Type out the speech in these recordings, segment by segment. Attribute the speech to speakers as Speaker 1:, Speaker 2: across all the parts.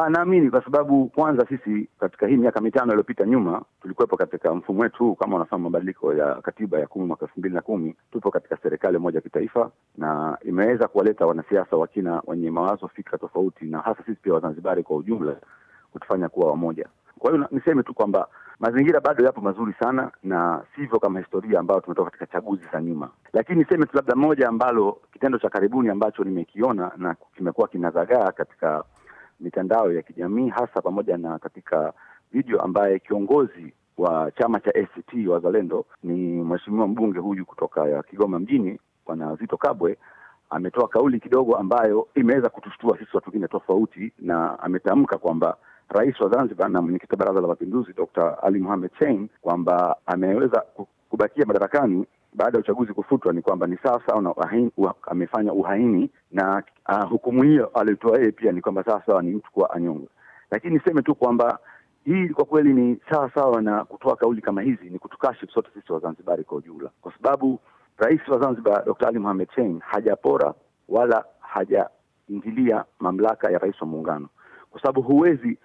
Speaker 1: Ah, naamini kwa sababu kwanza sisi katika hii miaka mitano iliyopita nyuma tulikuwepo katika mfumo wetu huu, kama wanasema mabadiliko ya katiba ya kumi mwaka elfu mbili na kumi tupo katika serikali moja ya kitaifa, na imeweza kuwaleta wanasiasa wa kina wenye mawazo, fikra tofauti, na hasa sisi pia Wazanzibari kwa ujumla kutufanya kuwa wamoja. Kwa hiyo niseme tu kwamba mazingira bado yapo mazuri sana, na sivyo kama historia ambayo tumetoka katika chaguzi za nyuma. Lakini niseme tu labda moja ambalo kitendo cha karibuni ambacho nimekiona na kimekuwa kinazagaa katika mitandao ya kijamii hasa pamoja na katika video ambaye kiongozi wa chama cha ACT Wazalendo ni mheshimiwa mbunge huyu kutoka Kigoma mjini Bwana Zito Kabwe ametoa kauli kidogo ambayo imeweza kutushtua sisi watu wengine tofauti, na ametamka kwamba rais wa Zanzibar na mwenyekiti wa Baraza la Mapinduzi Dr. Ali muhamed Shein kwamba ameweza kubakia madarakani baada ya uchaguzi kufutwa ni kwamba ni sasa una uhaini, uh, amefanya uhaini na uh, hukumu hiyo alitoa yeye pia ni kwamba sawasawa ni mtu kuwa anyongwe. Lakini niseme tu kwamba hii kwa kweli ni sawa sawa na kutoa kauli kama hizi ni kutukashifu sote sisi Wazanzibari kwa ujumla, kwa sababu rais wa Zanzibar Dr. Ali Mohamed Shein hajapora wala hajaingilia mamlaka ya rais wa Muungano, kwa sababu huwezi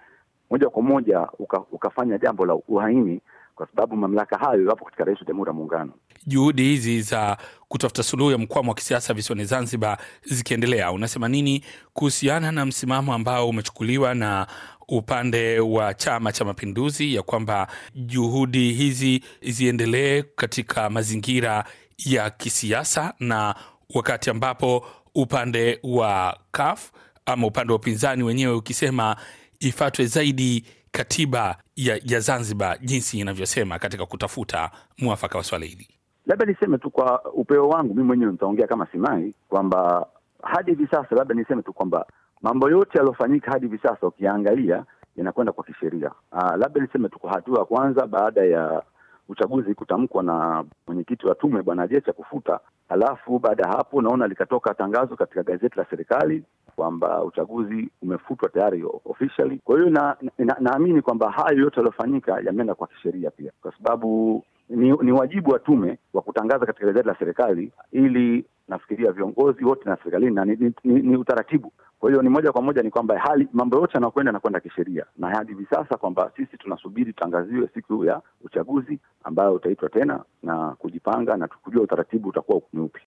Speaker 1: moja kwa moja uka, ukafanya jambo la uhaini kwa sababu mamlaka hayo iwapo katika rais wa jamhuri ya muungano.
Speaker 2: Juhudi hizi za kutafuta suluhu ya mkwamo wa kisiasa visiwani Zanzibar zikiendelea, unasema nini kuhusiana na msimamo ambao umechukuliwa na upande wa Chama cha Mapinduzi ya kwamba juhudi hizi ziendelee katika mazingira ya kisiasa, na wakati ambapo upande wa kaf ama upande wa upinzani wenyewe ukisema ifatwe zaidi katiba ya, ya Zanzibar jinsi inavyosema katika kutafuta mwafaka wa swala hili?
Speaker 1: Labda niseme tu kwa upeo wangu mii mwenyewe, nitaongea kama Simai, kwamba hadi hivi sasa, labda niseme tu kwamba mambo yote yaliyofanyika hadi hivi sasa ukiyaangalia yanakwenda kwa kisheria. Uh, labda niseme tu kwa hatua ya kwanza baada ya uchaguzi kutamkwa na mwenyekiti wa tume Bwana Jecha kufuta Halafu baada ya hapo, naona likatoka tangazo katika gazeti la serikali kwamba uchaguzi umefutwa tayari officially. Kwa hiyo naamini na, na kwamba hayo yote yaliyofanyika yameenda kwa kisheria pia, kwa sababu ni, ni wajibu wa tume wa kutangaza katika gazeti la serikali ili nafikiria viongozi wote na serikalini na ni, ni, ni, ni utaratibu. Kwa hiyo ni moja kwa moja ni kwamba hali mambo yote yanakwenda yanakwenda kisheria, na hadi hivi sasa kwamba sisi tunasubiri tutangaziwe siku ya uchaguzi ambayo utaitwa tena na kujipanga na tukujua utaratibu utakuwa ni upi.